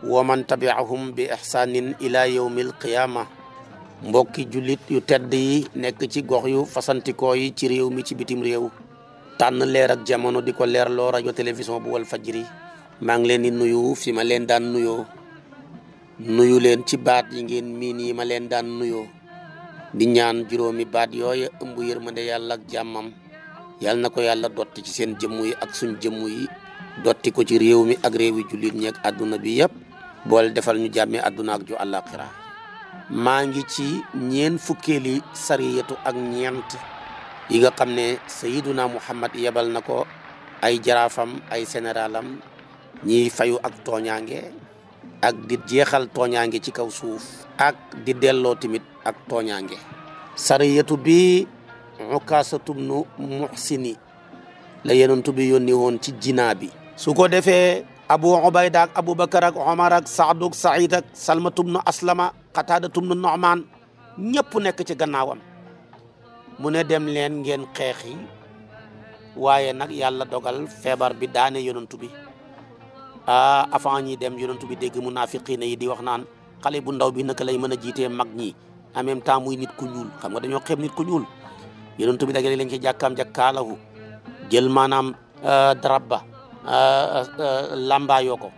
waman tabi'ahum bi ihsanin ila yawmil qiyamah mbokki julit yu tedd yi nekk ci gox yu fasantikoo yi ci réew mi ci bitim réew tànn leer ak jamono di ko leerloo rajo télévision bu wal fajri maa ngi leen di nuyu fi ma len daan nuyoo nuyu leen ci baat yi ngeen miin yi ma leen daan nuyoo di ñaan juróomi baat yooya ëmb yërmande yàlla ak jàmmam yàlla na ko yàlla dotti ci seen jëmm yi ak suñ jëmm yi dotti ko ci réew mi ak réew yi jullit ñeeg àdduna bi yépp boole defal ñu jàmme àdduna ak ju àllaaxira maa ngi ci ñeen fukkeeli sariyatu ak ñeent yi nga xam ne sayiduna muhammad yebal na ko ay jaraafam ay sénéralam ñiy fayu ak tooñaange ak di jeexal tooñaange ci kaw suuf ak di delloo tamit ak tooñaange sariyatu bi ukaasatubnu muhsini la yenentu bi yónni woon ci jinaa bi su ko defee abu ubayda ak aboubacar ak omar ak saadu ak saïd ak salmatum nu aslama xataadatum nu noxmaan ñëpp nekk ci gannaawam mu ne dem leen ngeen xeexi waaye nag yàlla dogal feebar bi daane yonantu bi a avant dem yonantu bi dégg munaafiqiina yi di wax naan xale bu ndaw bi naka lay mën a jiitee mag ñi en même temps muy nit ku ñuul xam nga dañoo xeeb nit ku ñuul yonantu bi dagale leen ci jàkkaam jàkkaalahu jël maanaam euh, darab ba Euh, euh, làmbaayoo ko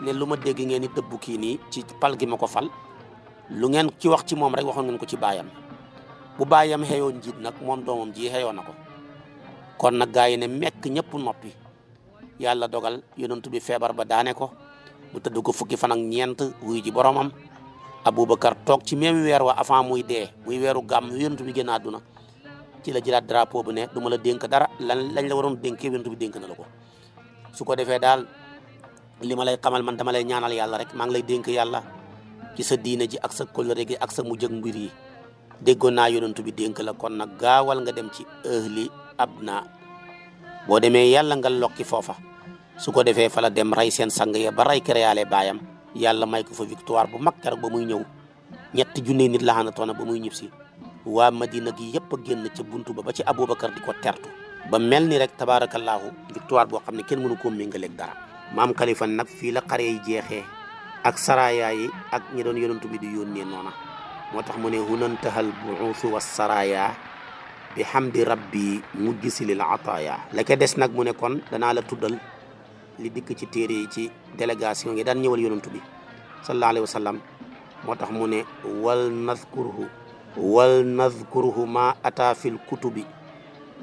ne lu ma dégg ngeen ni tëbb kii nii ci pal gi ma ko fal lu ngeen ci wax ci moom rek waxoon ngeen ko ci baayam bu baayam xëyoo njiit nag moom doomam ji xëyoo na ko kon nag gaa yi ne mekk ñëpp noppi yàlla dogal yonent bi feebar ba daane ko mu tëdd ko fukki fan ak ñeent wuy ji boromam Aboubacar toog ci même weer wa avant muy dee muy weeru gàmm yonent bi génn àdduna ci la jiraat drapeau bu ne du ma la dénk dara lan lañ la waroon dénkee yonent bi dénk na la ko. su ko defee daal li ma lay xamal man dama lay ñaanal yàlla rek maa ngi lay dénk yàlla ci sa diina ji ak sa kóllëre gi ak sa mujj ak mbir yi déggoon naa bi dénk la kon nag gaawal nga dem ci abna boo demee yàlla nga lokki foofa su ko defee fa la dem rey seen sang ya ba rey créalé baayam yàlla may ko fa victoire bu mag keroog ba muy ñëw ñetti junne nit la toona ba muy ñib si madina gi génn buntu ba ci di ko tertu ba melni ni rek tabaarakallaahu victoire bo xamni ken kenn ko koo ak dara mam Khalifa nak fi la xare yi jeexee ak saraya yi ak ñi doon yonentu bi di yonne nona motax mune hunantahal buusu wa saraya bi hamdi rabbi mujj si lil ataaya la ka des nak mune kon dana la tuddal li dik ci téré yi ci délégation yi dan ñëwal yonentu bi sallallahu alayhi wasallam motax mune wal nazkuruhu wal nazkuruhu ma ata fil kutubi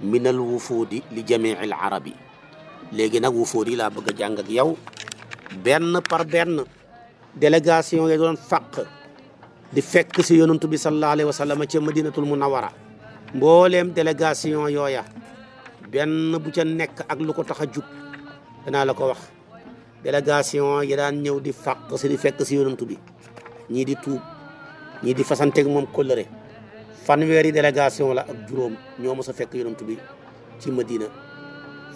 minal wufuudi li jamiil arabi léegi nag wufuud yi laa bëgg a jàng ak yow benn par benn délégation ya doon di fekk si yonantu bi sallallahu alayhi wa sallam ca madinatul munawara mbooleem délégation yooya benn bu ca nekk ak lu ko tax a jug danaa la ko wax délégation yi daan ñëw di fàq si di fekk si yonantu bi ñii di tuub ñii di fasanteeg moom kóllëre fanweri delegation la ak juróom ñoo mësa fekk yonent bi ci Madina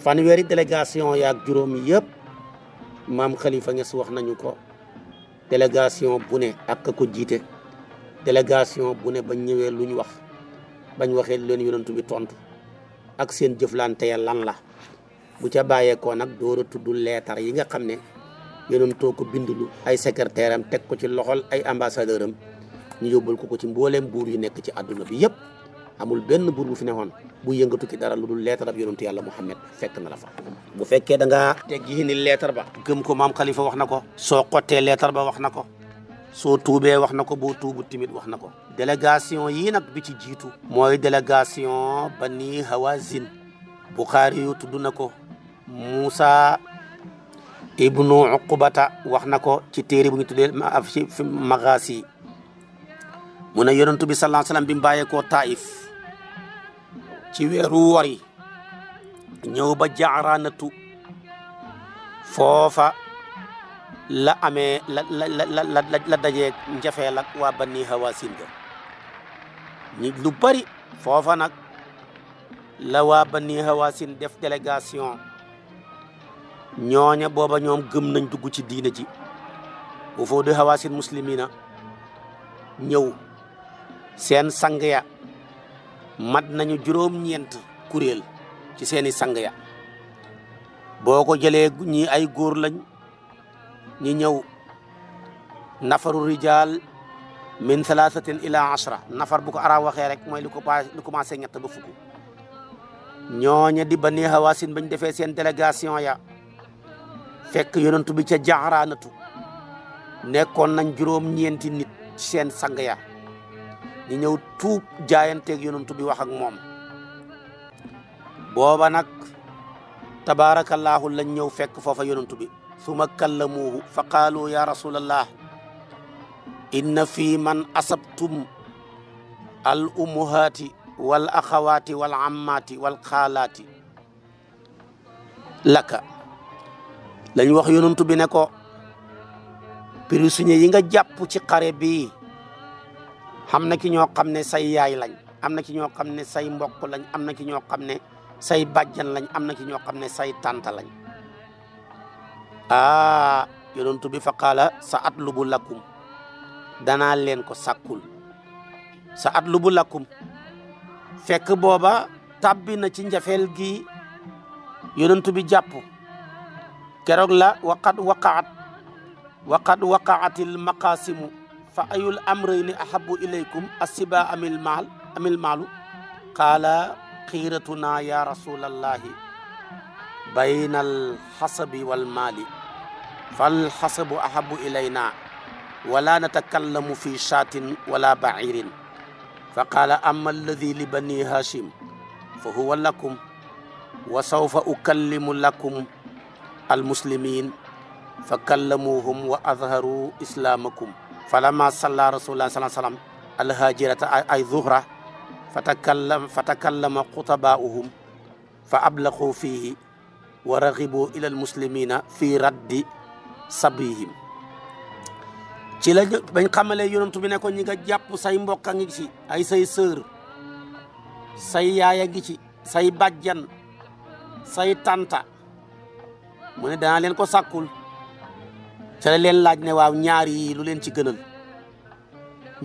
fanweri delegation ya ak juróom yépp maam Khalifa Niass wax nañu ko delegation bu ne ak ko jiite delegation bu ne bañ ñëwee lu ñu wax bañ waxee leen yonent bi tontu ak seen jëflante ya lan la bu ca bàyyeekoo nag door a tudd leetar yi nga xam ne yonentoo ko bindulu ay secrétaire am ko ci loxol ay ambassadeur ñu yóbbul ko ko ci mbooleem buur yu nekk ci àdduna bi yëpp amul benn buur bu fi neexoon bu yëngatu ci dara lu dul leetar ab yonentu yàlla Muhammad fekk na la fa bu fekkee da ngaa teggi ni leetar ba gëm ko maam Khalifa wax na ko soo xottee leetar ba wax na ko soo tuubee wax na ko boo tuubu timit wax na ko délégation yii nag bi ci jiitu mooy ba bani hawazin Bukhari yu tudd na ko Moussa ibnu Uqbata wax na ko ci téere bu ñu tuddee fi Magaasi mu ne yonentu bi sallallahu alayhi bi mu bàyyeekoo taif ci weeru wori ñëw ba jaaraanatu foofa la amee la la la la la dajee njafeel waa banni hawaasin ga ñi lu bari foofa nag la waa banni hawaasin def délégation ñooña booba ñoom gëm nañ dugg ci diina ji bu foo hawaasin muslimina ñëw seen sang ya. mat nañu juróom-ñeent kuréel ci seeni sang ya boo ko jëlee ñi ay góor lañ ñi ñëw nafaru rijal min thalathatin ila asra. nafar bu ko ara waxee rek mooy lu ko lu commencé ñett ba fukk ñooña di bani hawasin bañ defee seen délégation ya fekk yonantu bi ca jaxraanatu nekkoon nañ juróom-ñeenti nit ci seen sang ya. ñu ñëw tuub jaayanteeg yonantu bi wax ak moom booba nag tabaarakallaahu lañ ñëw fekk foofa yonantu bi suma kallamuuhu fa qaalu ya rasulallah inna fii man asabtum al ummuhaati wal axawaati wal ammaati wal xaalaati laka lañ wax yonantu bi ne ko prisonniers yi nga jàpp ci kare bii xam na ki ñoo xam ne say yaay lañ am na ki ñoo xam ne say mbokk lañ am na ki ñoo xam ne say bàjjan lañ am na ki ñoo xam ne say tànta lañ aa ah, yonentu bi fa qaala sa at lu danaa leen ko sàkkul sa at lu bu fekk booba tàbbi na ci njafel gi yonentu bi jàpp keroog la waqat waqaat waqat waqaatil فأي الأمرين أحب إليكم السبا أم المال أم المال قال خيرتنا يا رسول الله بين الحسب والمال فالحسب أحب إلينا ولا نتكلم في شاة ولا بعير فقال أما الذي لبني هاشم فهو لكم وسوف أكلم لكم المسلمين فكلموهم وأظهروا إسلامكم فلما صلى رسول الله صلى الله عليه وسلم الهاجرة أي ظهرة فتكلم فتكلم خطباؤهم فأبلغوا فيه ورغبوا إلى المسلمين في رد sabihim ci la bañ xamalee yonantu bi ne ko ñi nga jàpp say mbokk a ngi ci ay say sœur say yaay a ngi ci say bàjjan say tanta mu ne danaa leen ko sàkkul ca leen laaj ne waaw ñaar yi lu leen ci gënal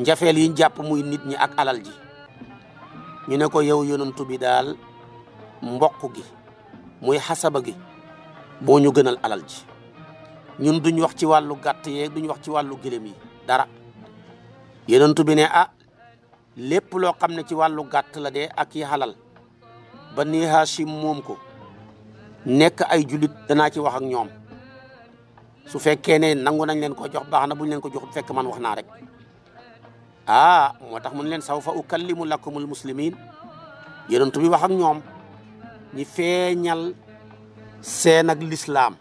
njafeel yiñ jàpp muy nit ñi ak alal ji ñu ne ko yow yonantu bi daal mbokk gi muy xasaba gi boo ñu gënal alal ji ñun duñ wax ci wàllu gàtt yeeg duñ wax ci wàllu gëlëm yi dara yonantu bi ne a ah lépp loo xam ne ci wàllu gàtt la de ak yi xalal ba nii moom ko nekk ay jullit danaa ci wax ak ñoom su fekkee ne nangu nañ len ko jox baxna buñ len ko jox fekk man waxna rek ah motax mun len sawfa ukallimu lakumul muslimin Yonun bi wax ak ñom ñi feñal seen ak l'islam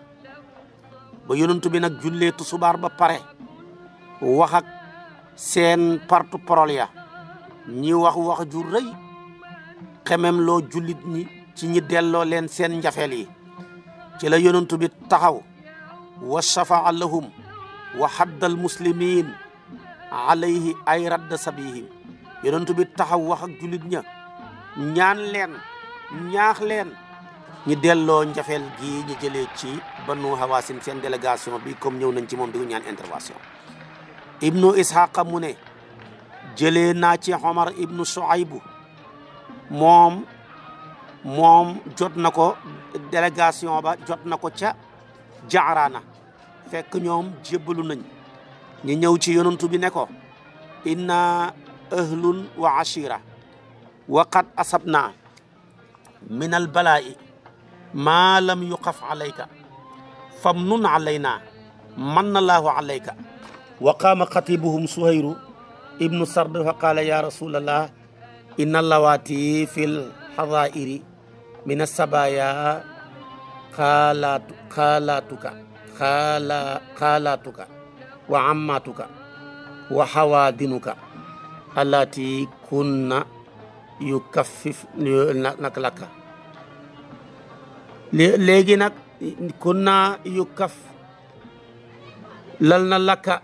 ba bi julle tu subar ba pare wax ak seen partu prolia ya. ñi wax wax ju rëy xemem lo julit ñi ci ñi delloo len seen njafel yi ci la bi taxaw wa shafaa lahum wa xaddal muslimin alayhi ay radda sabihim yonentu bi taxaw wax ak julit ña ñaan leen ñaax leen ñi delloo njafeel gi ñi jëlee ci banu hawaasin seen délégation bi comme ñëw nañ ci moom di ñaan intervention ibnu ishaqa mu ne jëlee naa ci Omar ibnu Suaybu moom moom jot na ko délégation ba jot na ko ca jaarana fekk ñoom jébbalu nañ ñu ñëw ci yonentu bi ne ko inna ahlun wa ashira wa qad asabna min al balai ma lam yuqaf alayka famnun alayna manna allahu alayka wa qama xatibuhum suhayr ibn sard fa qala ya rasulallah inna lawati fil hadairi min assabaaya xaalaatu xaalaatuka xaala xaalaatuka wa ammaatuka wa kunna yu nag lakka léegi yu kaf lal na lakka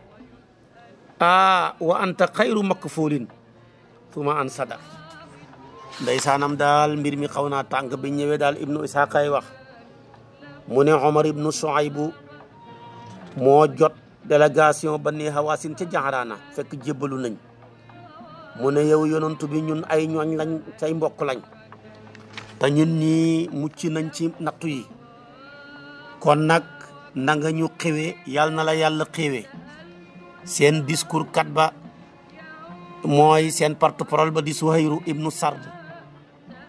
a wa anta xayru makfuulin tuma an sadar daal mbir mi xaw naa tàng bi ñëwee daal ibnu isaaqay wax mune omar ibnu shuaib mo jot delegation bani hawasin ci jaxaraana fek jebelu nañ mune yow yonentou bi ñun ay ñoñ lañ tay mbokk lañ ta ñun ni mucc nañ ci nattu yi kon nak na nga ñu xewé yal na la yalla xewé sen discours katba moy sen porte-parole ba di suhayru ibnu sard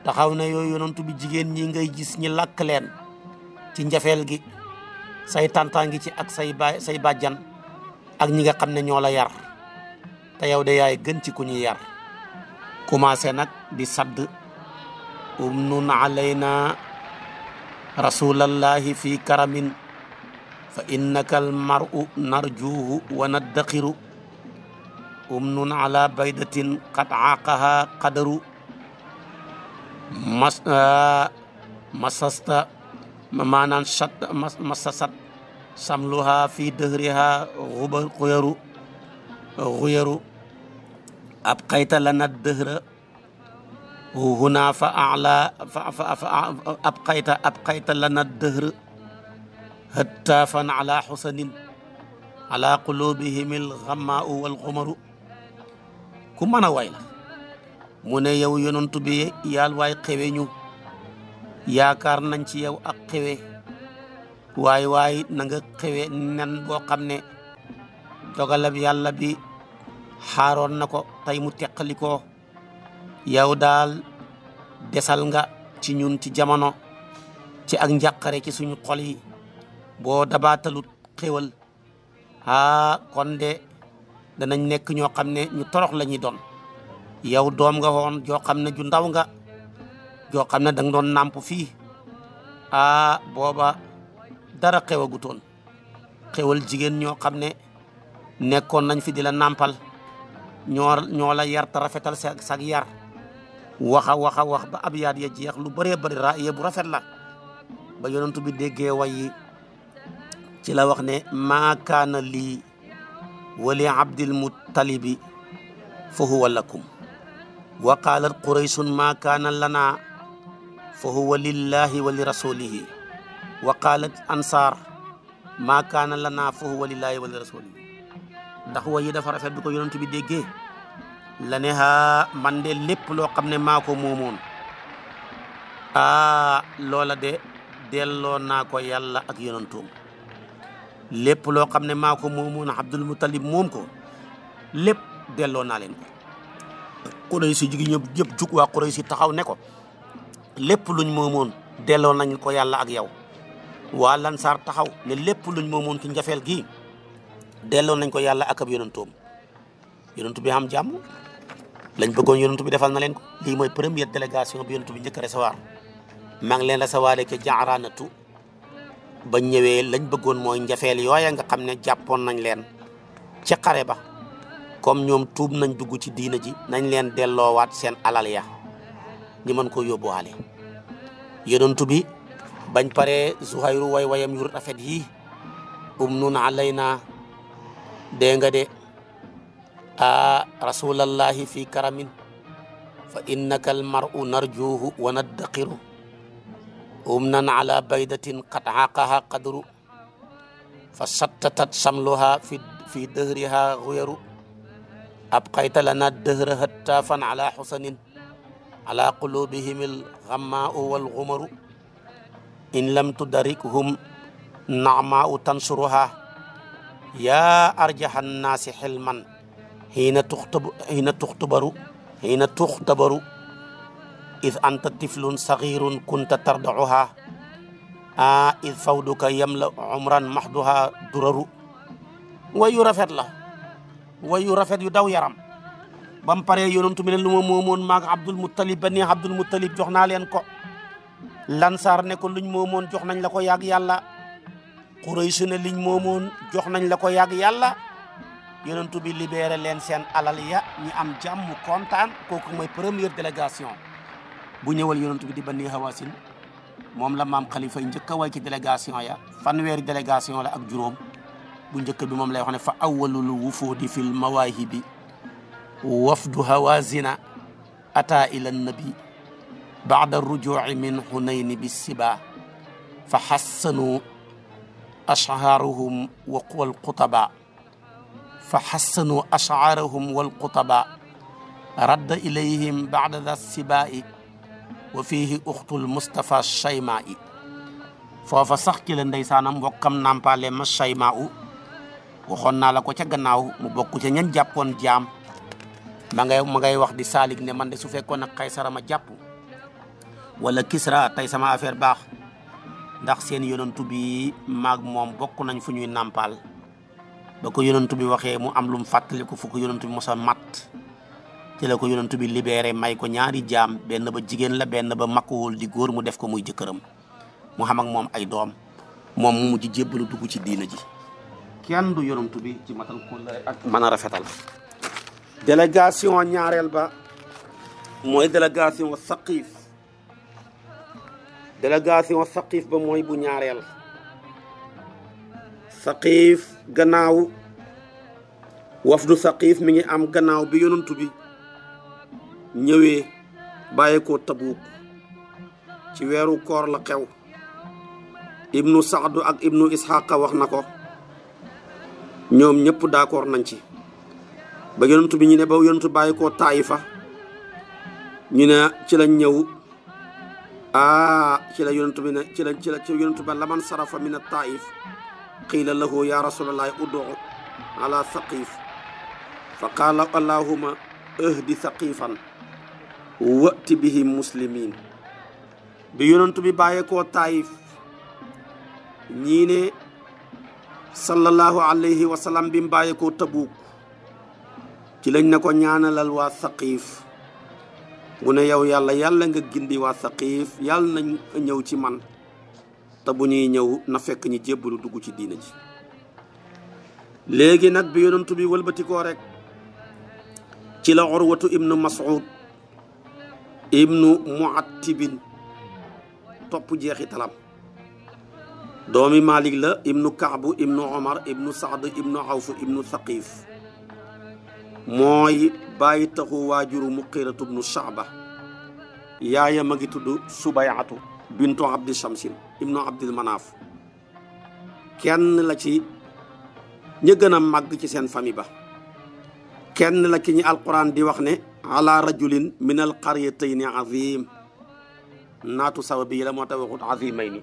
taxaw na yoy yonentou bi jigen ñi ngay gis ñi lak leen ci njafel gi say tantaa ngi ci ak say bay say bàjjan ak ñi nga xamne yar te yow de yaay gën ci ku yar commencé nak di sadd umnun alayna rasulallahi fi karamin fa innaka almar'u narjuhu wa nadakhiru umnun ala baydatin qad aqaha qadru mas ah, masasta manan shat masasat samluha fi dhriha ghubar khuyaru khuyaru ab qayta lana هنا فأعلى فأبقيت أبقيت لنا الدهر هتافا على حسن على قلوبهم الغماء والغمر كم أنا وايلا من يو ينون تبي يال واي قيبينيو yaakaar nañ ci yow ak xewe waaye waaye nanga nga xewe nen boo xam ne dogalab yàlla bi xaaroon na ko tey mu teqalikoo yow daal desal nga ci ñun ci jamono ci ak njàqare ci suñu xol yi boo dabaatalut xewal aa kon de danañ nekk ñoo xam ne ñu torox la doon yow doom nga woon joo xam ne ju ndaw nga jo xamne dang nampu fi, fi a boba dara xewagutoon xewal jigen ño xamne ne nañ fi di nampal nàmpal ñoo la yar ta rafetal sa yar waxa waxa wax ba ab yaat ya jeex lu bare bare raaye ya bu rafet la ba yonentu bi degge wayi ci la wax ne wali Abdul muttalibi fa huwa lakum wa qala quraysh ma kana lana فهو لله ولرسوله وقالت أنصار ما كان لنا فهو لله ولرسوله ndax way yi dafa rafet bi ko yonent bi déggee la ne ha man de lépp loo xam ne maa ko moomoon aa loola de delloo naa ko yàlla ak yonentoom lépp loo xam ne maa ko moomoon Abdul Mutalib moom ko lépp delloo naa leen ko Quraysh si jigéen ñëpp jug waa Quraysh si taxaw ne ko lépp luñ momoon delloo nañ ko yàlla ak yow waa lansaar taxaw ne lépp luñ moomoon ci njafeel gi delloo nañ ko yàlla ak ab yonentoom yonentu bi am jàmm lañ bëggoon yonentu bi defal na leen ko lii mooy première délégation bi bi njëkk a recevoir maa ngi leen recevoir ca jaaraanatu ba ñëwee lañ bëggoon mooy njafeel yooya nga xam ne jàppoon nañ leen ci xare ba comme ñoom tuub nañ dugg ci diina ji nañ leen delloowaat seen alal ya ñi mën koo yóbbuwaale yonentu bi bañ paree Zuhayru way wayam rafet yi um nun alayna dee nga rasulallahi fi karamin fa innaka al narjuhu wa naddaqiru umnan ala baydatin qad aqaha qadru fa sattatat samluha fi fi dëhriha xuyaru abqayta lana dëhra hatta ala xusanin على قلوبهم الغماء والغمر إن لم تدركهم نعماء تنصرها يا أرجح الناس حلما حين تختبر حين تختبر حين تختبر إذ أنت طفل صغير كنت تردعها آه إذ فودك يملأ عمرا محضها درر ويرفد له ويرفد يدو يرم ba mu paree yonantu bi ne lu ma moomoon maag Abdul Muttalib ba nii Abdul Muttalib jox naa leen ko Lansaar ne ko luñ moomoon jox nañ la ko yàgg yàlla Quraysh ne liñ moomoon jox nañ la ko yàgg yàlla yonantu bi leen seen alal ya ñu am jàmm kontaan kooku mooy première délégation bu ñëwal yonantu bi di Bani Hawasin moom la maam Khalifa njëkk a way ci délégation ya fanweeri délégation la ak juróom bu njëkk bi moom lay wax ne fa awwalul wufuudi fil mawaahibi وفد هوازن أتى إلى النبي بعد الرجوع من حنين بالسبا فحسنوا أشعارهم والقطباء فحسنوا أشعارهم والقطباء رد إليهم بعد ذا السباء وفيه أخت المصطفى الشيماء foofa sax ci la ndeysaanam mbokkam nampaale ma Shaymaa waxoon naa la ko ca ma ngay ma ngay wax di saalik ne man de su fekkoon nag Kaysara ma jàpp wala Kisra tey sama affaire baax ndax seen yonantu bi maag moom bokk nañ fu ñuy nàmpaal ba ko yonantu bi waxee mu am lu mu fàttaliku fu ko yonantu bi mos a mat ci la ko yonantu bi libéré may ko ñaari jaam benn ba jigéen la benn ba makkuwul di góor mu def ko muy jëkkëram mu xam ak moom ay doom moom mu mujj jébbalu dugg ci diina ji kenn du yonantu ci matal ko ak mën a rafetal délégation ñaareel ba mooy délégation saqiif délégation saqiif ba mooy bu ñaareel saqiif gannaaw wafdu saqiif mi ngi am gannaaw bi yonantu bi ñëwee bàyyeekoo tabuuk ci weeru kor la xew ibnu saadu ak ibnu isxaqa wax na ko ñoom ñëpp d'accord nañ ci ba yonentu bi ñu ne ba yonentu bàyyi koo taayifa ñu ne ci la ñëw ah ci la yonentu bi ne ci la ci la ci yonentu ba laman sarafa min taif qila lahu ya rasulullah ud'u ala saqif fa qaala allahuma ahdi saqifan wati bihi muslimin bi yonentu bi bàyyi koo taayif ñii ne sallallahu alayhi wa sallam bi mu bàyyi koo ci lañ ne ko ñaanalal waa saqiif mu ne yow yàlla yàlla nga gindi waa saqiif yàlla nañ ñëw ci man te bu ñuy ñëw na fekk ñi jébbalu dugg ci diina ji léegi nag bi yonent bi wëlbatikoo rek ci la urwatu ibnu mas'ud ibnu muattibin topp jeexitalam doomi malik la ibnu kaabu ibnu omar ibnu saad ibnu awfu ibnu thaqif mooy bàyyi taxu waajuru muqiiratu bnu Saaba yaayam a ngi tudd subayatu bintu abdi shamsin ibnu abdil manaaf kenn la ci ña gën a màgg ci seen famille ba kenn la ki ñi alquran di wax ne ala rajulin min al qaryatayni azim naatu sawa bi la moo tax waxut azimay ni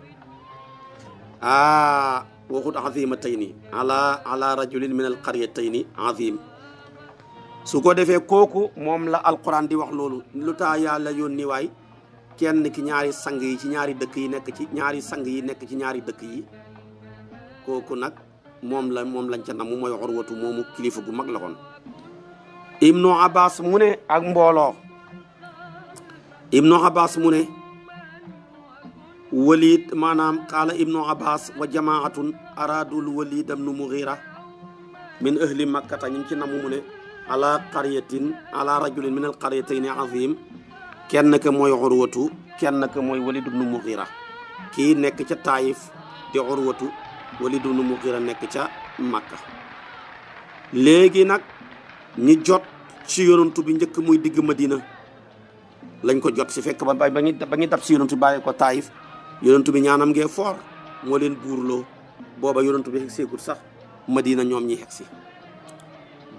aa ah, waxut azimatayni ala ala rajulin min al qaryatayni azim su ko defee kooku moom la alquran di wax loolu lu taa yàlla yónni waay kenn ki ñaari sang yi ci ñaari dëkk yi nekk ci ñaari sang yi nekk ci ñaari dëkk yi nag moom la moom lañ ca namu mooy xorwatu moomu kilifa gu mag la woon ibnu abbas mu ne ak mbooloo ibnu abbas mu ne walid maanaam qaala ibnu abbas wa jamaatun aradul walid ibnu mughira min ahli makkata ñu ngi ci namu mu ala qaryatin ala rajulin min al qaryatayni azim kenn ka mooy urwatu kenn ka mooy walid ibnu mughira kii nekk ca taayif di urwatu walid ibnu mughira nekk ca makka léegi nag ñi jot ci yonantu bi njëkk muy digg madina lañ ko jot si fekk ba ba ñu ba ñu dab si yonantu bàyyi ko taayif yonantu bi ñaanam ngee foor moo leen buurloo booba yonantu bi xeg seegut sax madina ñoom ñi xeg si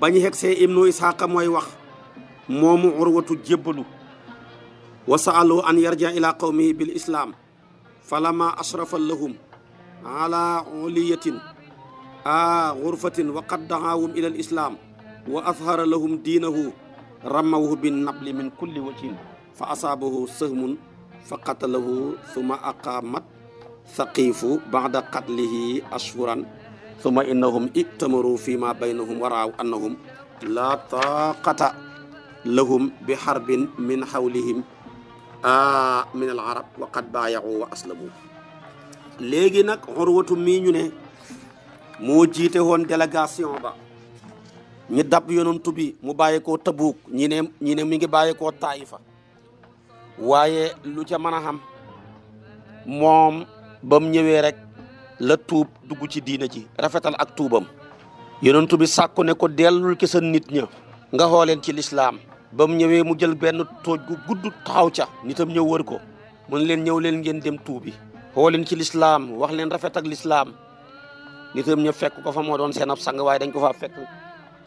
ba hexé ibnu ishaq moy wax momu urwatu jébbalu wa saalu an yarja ila qawmihi bil islam falama asrafa lahum ala uliyatin a ghurfatin wa qad da'awum ila al islam wa azhara lahum dinahu ramawhu bin nabli min kulli wajhin fa asabahu sahmun fa qatalahu thumma aqamat thaqiifu bada qatlihi ashhuran summa innahum itamaru fi ma baynahum wa raaw annahum laa taaqata lahum bi xarbin min xawlihim min al wa qad baayaxu wa aslamu léegi nag xorwatu mii ñu ne moo jiite woon délégation ba ñi dab yonantu bi mu bàyyeekoo tabuuk ñi ne ñi ne mi ngi bàyyeekoo taayifa waaye lu ca mën a xam moom ba mu ñëwee rek la tuub dugg ci diina ci rafetal ak tuubam yonentu bi sàkku ne ko dellul ci nit ña nga xooleen ci lislaam ba mu ñëwee mu jël benn tooj gu gudd taxaw ca nitam ñëw wër ko mun leen ñëw leen ngeen dem tuubi xooleen ci lislaam wax leen rafet ak lislaam nitam ña fekk ko fa moo doon seen ab sang waaye dañ ko faa fekk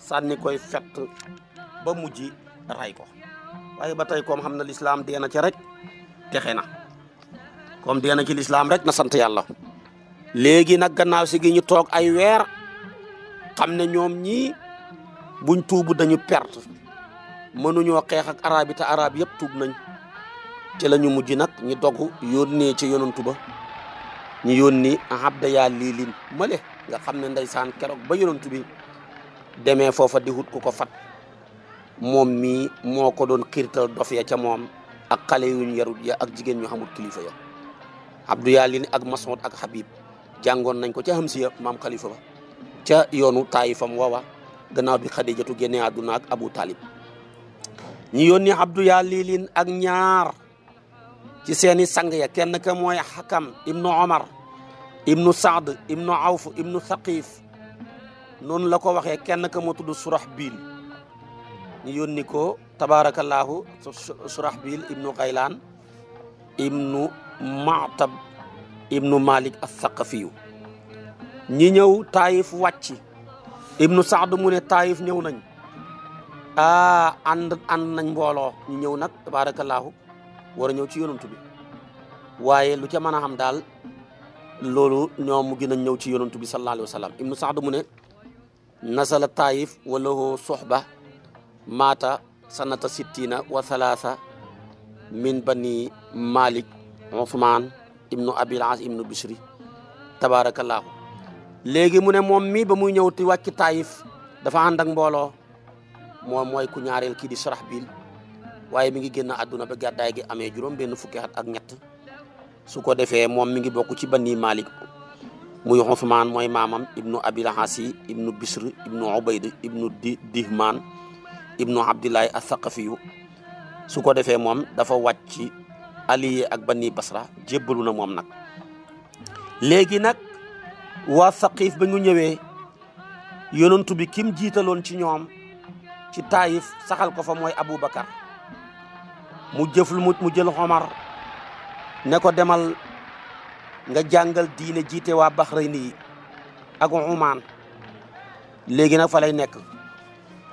sànni koy fett ba mujj ray ko waaye ba tey kom xam na lislaam dee na rek texe na comme dee na ci lislaam rek na sant yàlla léegi nag gannaaw si gi ñu toog ay weer xam ne ñoom ñii buñ tuubu dañu perte mënuñoo xeex ak arab yi te arab yëpp tuub nañ ci la ñu mujj nag ñu dogu yónnee ci yonantu ba ñu yónni abda yaa lii lin male nga xam ne ndeysaan keroog ba yonantu bi demee foofa di hut ku ko fat moom mii moo ko doon xiirtal dof ca moom ak xale yarut ya ak jigéen ñu xamut kilifa ya abdou yaa lin ak masoud ak habib jàngoon nañ ko ca Hamsiya maam Khalifa ba ca yoonu taayifam wawa gannaaw bi Xadijatu génne àdduna ak Abu Talib ñi yónni Abdu yaa liilin ak ñaar ci seeni sang ya kenn ka mooy Hakam ibnu Omar ibnu Saad ibnu Awf ibnu Thaqif noonu la ko waxee kenn ka moo tudd Surahbil ñu yónni ko tabaarakallaahu Surahbil ibnu Gaylaan ibnu Maatab ibnu malik athaqafiyu ñi ñëw taayif wàcc ibnu saad mu ne taayif ñëw nañ ah ànd ànd nañ mbooloo ñu ñëw nag tabaarakallaahu war a ñëw ci yonantu bi waaye lu ca mën a xam daal loolu ñoom gën a ñëw ci yonantu bi sallallahu alayhi wa sallam ibnu saad mu ne nasala taayif walahu soxba maata sanata sittina wa thalatha min bani malik usmaan ibnu abil as ibnu bisri tabarakallah legi mu ne moom mii ba muy ñëw ti wàcc dafa and ak mbolo moom moy ku ñaarel ki di Saraxbiil waye mi ngi genn aduna ba gaday gi amé juróom benn fukki at ak ñett su ko defé mom mi ngi bokku ci bani Malik muy Usmaan moy Mamam ibnu abil hasi ibnu bisr ibnu ubayd ibnu dihman ibnu as-saqafi su ko defé mom dafa wacc ali ak bani basra jébbalu na moom nag léegi nag waa saqiif ba ñu ñëwee yonantu bi kim jiitaloon ci ñoom ci taayif saxal ko fa mooy aboubacar mu jëful mu mu jël xomar ne ko demal nga jàngal diine jiite waa Bahrayn yi ak Oman léegi nag fa lay nekk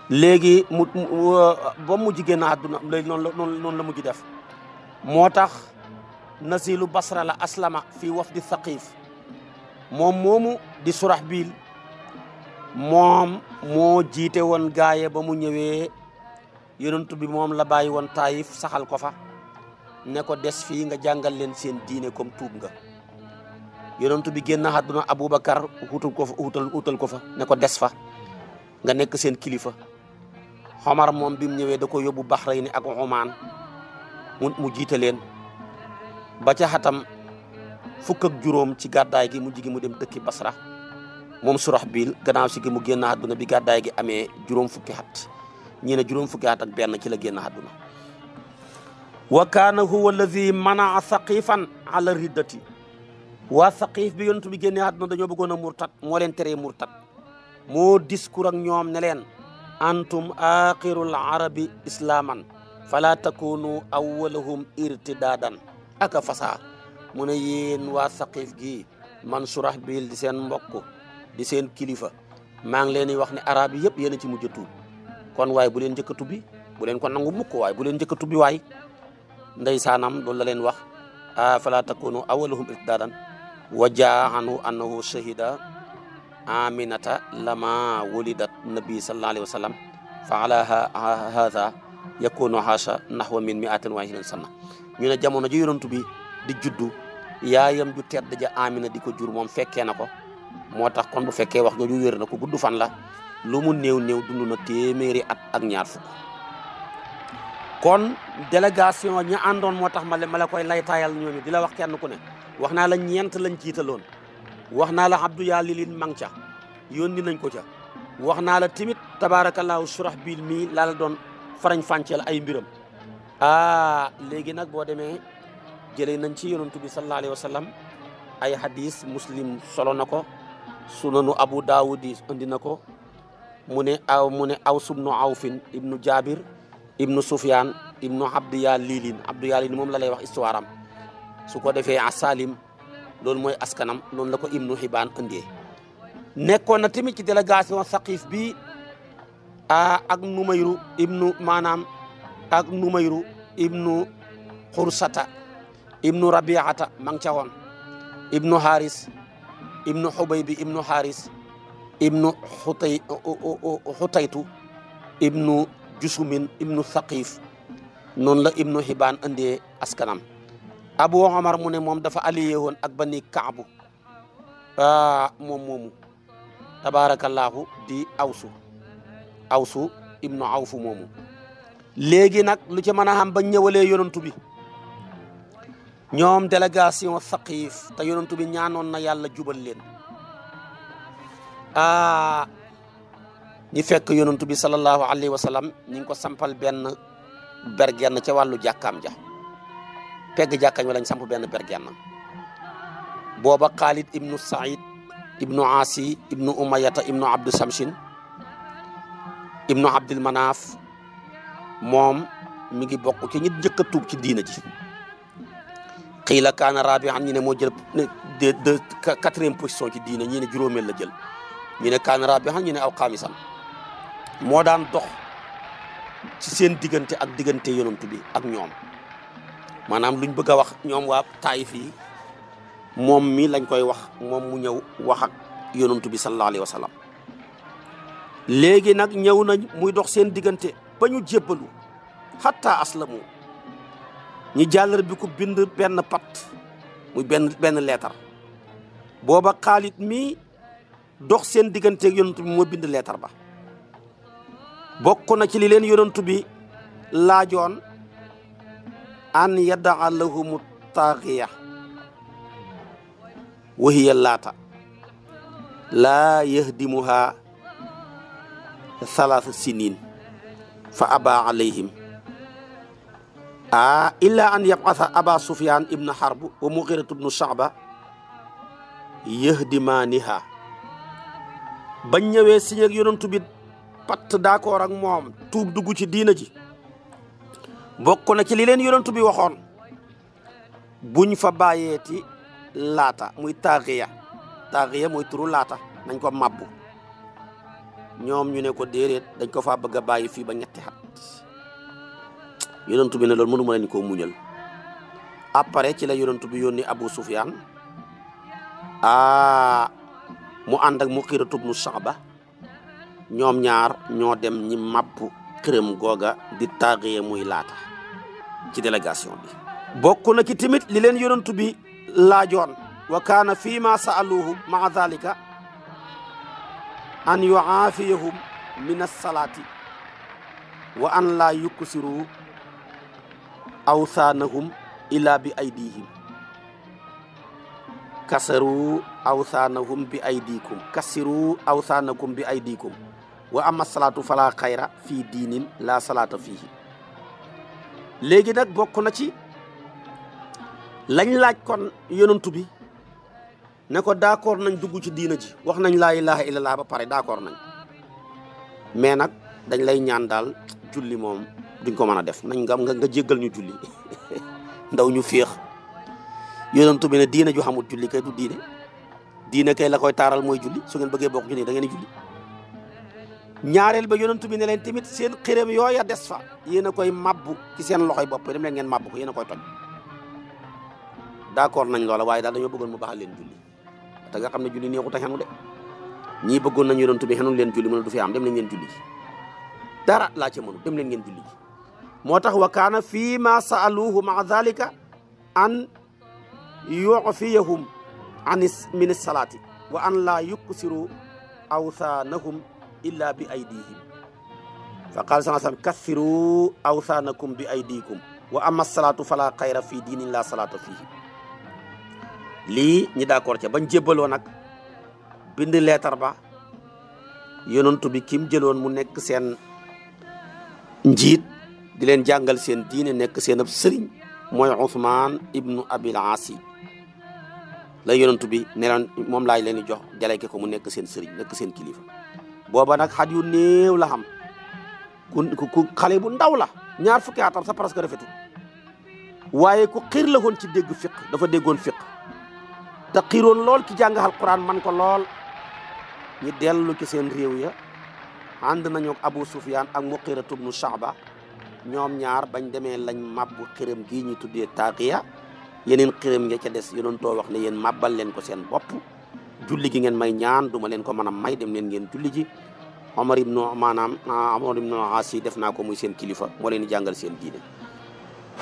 léegi mu ba mu mujj génn àdduna noonu la noonu la mujj def moo tax nasilu basra la aslama fi di thaqif moom moomu di Surahbil moom moo jiite woon gaaye ba mu ñëwee yonent bi moom la bàyyi woon taayif saxal ko fa ne ko des fii nga jàngal leen seen diine comme tuub nga yonent bi génn àdduna Aboubacar wutal ko fa wutal wutal ko fa ne ko des fa nga nekk seen kilifa Omar moom bi mu ñëwee da ko yóbbu Bahrayn ak Oman mu jiite leen ba ca xatam juróom ci gàddaay gi mu jigi mu dem dëkki Basra moom surax biil gannaaw si gi mu génn àdduna bi gàddaay gi amee juróom fukki at ñi ne juróom fukki at ak benn ci la génn àdduna wa kaana huwa alladi manaa saqifan ala riddati waa saqif bi yonent bi génne àdduna dañoo bëggoon a murtat moo leen teree murtat moo discours ak ñoom ne leen antum axirul arabi islaaman fala takunu awwalahum irtidadan aka fasaa mu ne yéen waa saqiif gii man surax biil di seen mbokk di seen kilifa maa ngi leen di wax ne arab yi yëpp yéen a ci mujj a tuub kon waaye bu leen njëkk a tubbi bu leen ko nangu mukk waaye bu leen njëkk a tubbi waay ndeysaanam loolu la leen wax a fala takunu awwalahum irtidadan wa jaaxanu annahu shahida aminata lama wulidat nabi sallallahu alayhi wa sallam fa ala hadha yakunu haasha nahwa min mi'atin wa ishirin sana ñu ne jamono ji yonantu bi di juddu yaayam ju tedd ja amina di ko jur moom fekkee na ko moo tax kon bu fekkee wax jooju wér na ko guddu fan la lu mu néew néew dund na téeméeri at ak ñaar fukk kon délégation ña àndoon moo tax ma ma la koy laytaayal ñooñu di la wax kenn ku ne wax naa la ñeent lañ jiitaloon wax naa la abdou yaa lilin mang ca yónni nañ ko ca wax naa la timit tabaarakallaahu surah bil mii laa la farañ fànceel ay mbiram ah léegi nag boo demee jëlee nañ ci yonantu bi sallallahu alayhi wa sallam ay hadis muslim solo na ko sunanu abu daawud yi andi na ko mu ne aw mu ne aw subnu awfin ibnu jabir ibnu sufyan ibnu abdiya liilin abdiya liilin moom la lay wax histoire am su ko defee asalim loolu mooy askanam noonu la ko ibnu xibaan andee nekkoon na tamit ci délégation saqif bi ak numayru ibnu manam ak numayru ibnu xursata ibnu rabiata ma ngi ca ibnu haris ibnu xubaybi ibnu haris ibnu xutay xutaytu ibnu jusumin ibnu thaqif noonu la ibnu hiban andee askanam abu omar mu ne moom dafa allié woon ak bani kaabu moom moomu tabaarakallaahu di awsu awsu ibnu awf moomu legi nak lu ci mën xam ba ñëwalee yonentu bi ñom délégation saqiif ta yonentu bi ñaanon na yalla jubal leen ah ñi fekk yonentu bi sallallahu alaihi wasallam. sallam ñi ngi ko sampal ben bergen ci walu jakam ja pegg jakam wala samp ben bergen boba Khalid ibnu Sa'id, ibnu Asi ibnu Umayata ibnu Abdu Samshin ibnu abdul manaf mom mi ngi bokku ci ñit jëk tuub ci diina ji qila kana rabi'an ñi ne mo jël de de 4e position ci diina ñi ne juroomel la jël ñi ne kana rabi'an ñi ne aw khamisan mo daan dox ci seen digënté ak digënté yonentu bi ak ñoom manam luñ bëgg wax ñoom wa taif yi mom mi lañ koy wax mom mu ñew wax ak bi sallallahu alaihi wasallam léegi nag ñëw nañ muy dox seen diggante ba ñu jébbalu xatta aslamu ñi jàllar bi ko bind benn pat muy benn leetar booba xaalit mi dox seen diggante ak yonent bi bind leetar ba bokk na ci li leen yonent bi laajoon an yaddaa lahumu taaxiya wahiya laata laa yahdimuha salaasa siniin fa aba alayhim a ah, illa an yabasa aba sufyaan ibn harb wa mughiratu ibnu sha'ba yëhdimaaniha bañ ñëwee siñ ak yonantu bi patt d'accord ak moom tuub dugg ci diina ji bokk na ci li leen yonantu waxoon buñ fa bàyyeeti laata muy taaxiya taaxiya muy turu laata nañ ko mabbu ñoom ñu ne ko déedéet dañ ko faa bëgg a bàyyi fii ba ñetti xat yonentu bi ne loolu mënu ma leen koo muñal après ci la yonentu bi yónni abu Sufyan? ah mu ànd ak muqiratu ibnu saaba ñoom ñaar ñoo dem ñi mapp këram googa di taaxee muy laata ci délégation bi bokk na ci timit li leen yonentu bi laajoon wa kaana fii ma saaluhu maa dalika أن يعافيهم من الصلاة وأن لا يكسروا أوثانهم إلا بأيديهم كسروا أوثانهم بأيديكم كسروا أوثانكم بأيديكم وأما الصلاة فلا خير في دين لا صلاة فيه léegi nag bokk na ci lañ laaj ne ko d'accord nañ dugg ci diina ji wax nañ laa ilaha illallah ba pare d'accord nañ mais nag dañ lay ñaan daal julli moom duñ ko mën a def nañ nga nga jéggal ñu julli ndaw ñu féex yonentu bi ne diina ju xamul julli kay du diine diine kay la koy taaral mooy julli su ngeen bëggee bokk nii da ngeen ñaareel ba yonentu bi ne leen tamit seen xërëm yooya des fa yéen a koy mabbu ci seen loxoy bopp dem leen ngeen mabbu ko yéen a koy toj d'accord nañ loola waaye daal dañoo bëggoon mu baaxal leen julli ta nga xamne ne julli neexu a xenu de ñi bëggoon nañu yoonu tubi xenul leen julli mëna du fi am dem leen ngeen julli dara la ci mënu dem leen ngeen julli motax wa kana fi ma sa'aluhu ma dhalika an yu'fiyahum an min salati wa an la yuksiru awsanahum illa bi aydihim fa qala saa sallam kathiru awthaanakum bi aydikum wa amma salatu fala xayra fi diinin la salatu fihi lii ñi d'accord ca bañ jébbaloo nag bind leetar ba yonantu bi kim jëloon mu nekk seen njiit di leen jàngal seen diine nekk seen sëriñ mooy Ousmane ibnu Abil Asi la yonantu bi ne moom laaj leen di jox délégué ko mu nekk seen sëriñ nekk seen kilifa booba nag xat yu néew la xam ku xale bu ndaw la ñaar fukki atam sa presque rafetul waaye ku xiir la ci dégg fiq dafa déggoon fiq te xiroon lool ki jàng alquran man ko lool ñi dellu ci seen réew ya ànd nañu abu sufyan ak muqiratu ibnu shaba ñoom ñaar bañ demee lañ mabbu xiram gii ñu tuddee taqiya yeneen xiram nga ya ca des yonoon too wax ne yéen mabbal leen ko seen bopp julli gi ngeen may ñaan duma leen ko mën a may dem leen ngeen julli ji omar ibnu manam ah, omar ibnu asi def naa ko muy seen kilifa moo leen jàngal seen diine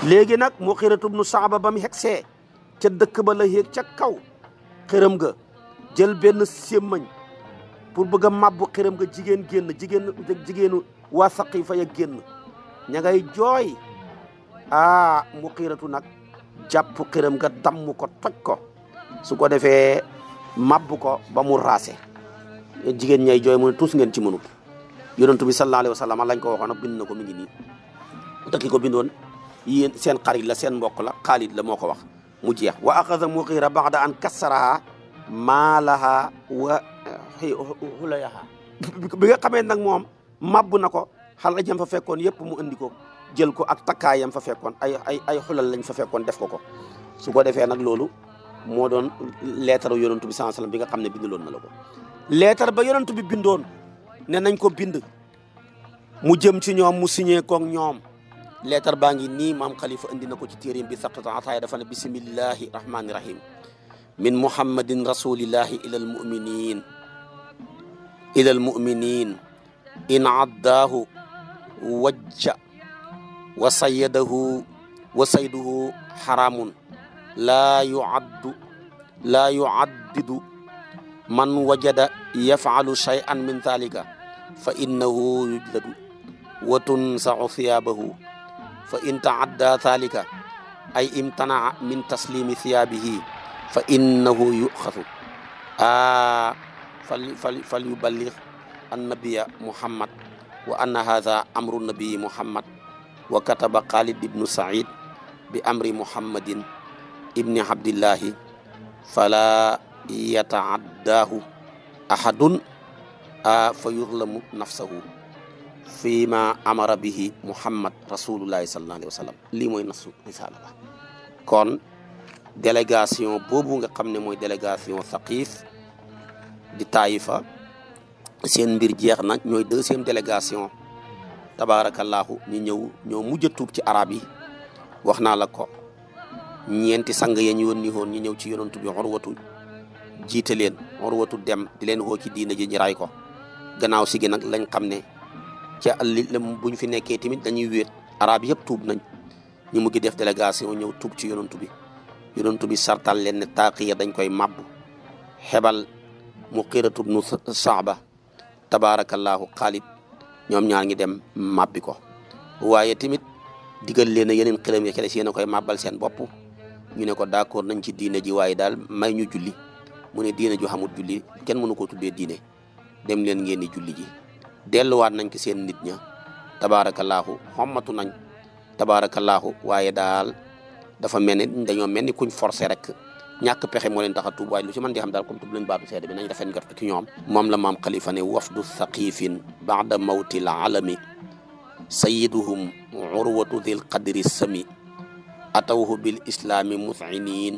léegi nag muqiratu ibnu shaba ba mu hegsee ca dëkk ba la ca kaw xërëm nga jël benn sémmañ pour bëgg a mabbu xërëm nga jigéen génn jigéen jigéenu waa saqiifa ya génn ña ngay jooy ah mu xiiratu nag jàpp xërëm nga damm ko toj ko su ko defee mabbu ko ba mu raase jigéen ñay jooy mu ne ngeen ci mënut yonentu bi sallallahu alayhi wasallam lañ ko waxoon bind na ko mi ngi nii te ko bindoon xarit la seen mbokk la xaalit la moo wax mu jeex wa axada muxiira baxda an kassaraha maalaha wa xulayaha bi nga xamee nag moom mabbu na ko xalaj yam fa fekkoon yëpp mu andi ko jël ko ak yam fa fekkoon ay ay ay xulal lañ fa fekkoon def ko ko su ko defee nag loolu moo doon leetaru yonantu bi sallallahu alayhi wasallam bi nga xam ne binduloon na la ko leetar ba yonantu bi bindoon ne nañ ko bind mu jëm ci ñoom mu signé koog ñoom ليتر باغي ني مام خليفه اندي نكو سي تيريم عطايا دا بسم الله الرحمن الرحيم من محمد رسول الله الى المؤمنين الى المؤمنين ان عداه وجه وصيده وصيده حرام لا يعد لا يعدد من وجد يفعل شيئا من ذلك فإنه يجلد وتنسع ثيابه فإن تعدى ذلك أي امتنع من تسليم ثيابه فإنه يؤخذ آه فليبلغ النبي محمد وأن هذا أمر النبي محمد وكتب خالد بن سعيد بأمر محمد ابن عبد الله فلا يتعداه أحد آه فيظلم نفسه fii ma amara bihi muhammad rasulullahi sallallahu alayhi wa sallam lii mooy nasu risaala kon délégation boobu nga xam ne mooy délégation Thaqif di Taïfa seen mbir jeex na ñooy deuxième délégation tabaarakallaahu ñu ñëw ñoo mujj tuub ci arab yi wax naa la ko ñeenti sang ya ñu yónni woon ñu ñëw ci yonantu bi Urwatu jiite leen Urwatu dem di leen woo ci diina ji ñu ray ko gannaaw si nag lañ xam ne ca àll la bu ñu fi nekkee tamit dañuy wéet arab yëpp tuub nañ ñu mu ngi def délégation ñëw tuub ci yonantu bi yonantu bi sartal leen ne taaqiya dañ koy màbb xebal mu xiratub nu saaba tabaarakallaahu xaalid ñoom ñaar ngi dem màbbi ko waaye tamit digal leen a yeneen xiram ya ci des koy màbbal seen bopp ñu ne ko d'accord nañ ci diine ji waaye daal may ñu julli mu ne diine ju xamul julli kenn mënu ko tuddee diine dem leen ngeen di julli ji delluwaat nañ ci seen nit ña tabaarakallaahu xommatu nañ tabaarakallaahu waaye daal dafa mel ni dañoo mel ni kuñ forcé rek ñàkk pexe moo leen tax a tuub waaye lu ci mën di xam daal comme tuub lañ baatu seede bi nañ rafet njort ci ñoom moom la maam xalifa ne wafdu saqifin baada mawtil alami sayyiduhum urwatu dil qadri sami atawhu bil islaami mus'inin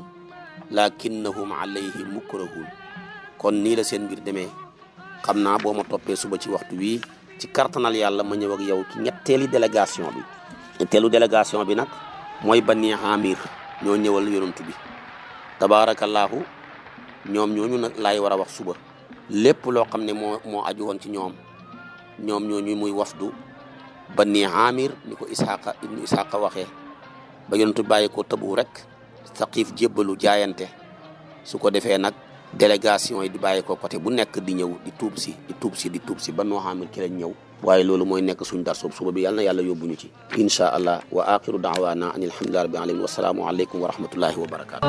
lakinnahum alayhi mukrahun kon nii la seen mbir demee xamna naa boo ma toppee suba ci waxtu wi ci kartanal yalla ma ñew ak yow ci ñetteeli délégation bi ñettelu délégation bi nak moy bani amir ñoo ñewal yonent bi tabarakallah ñom ñooñu nag laay war a wax suba lepp lo xamne ne mo aju won ci ñom ñoom ñooñu muy wafdu bani amir ni ko ishaqa ibnu ishaqa waxe ba yonent bàyyi ko tëbu rek saqif jebalu jaayante suko defé nak délégation yi di bàyyi ko côté bu nekk di ñëw di tuub si di tuub si di tuub si ba noo xamil ki lañ ñëw waaye loolu mooy nekk suñ dar soob suba bi yàlla na yàlla yóbbuñu ci insha allah wa axiru daawana an alhamdulillahi rabbil alamin wasalaamu aleykum wa rahmatullahi wa barakatu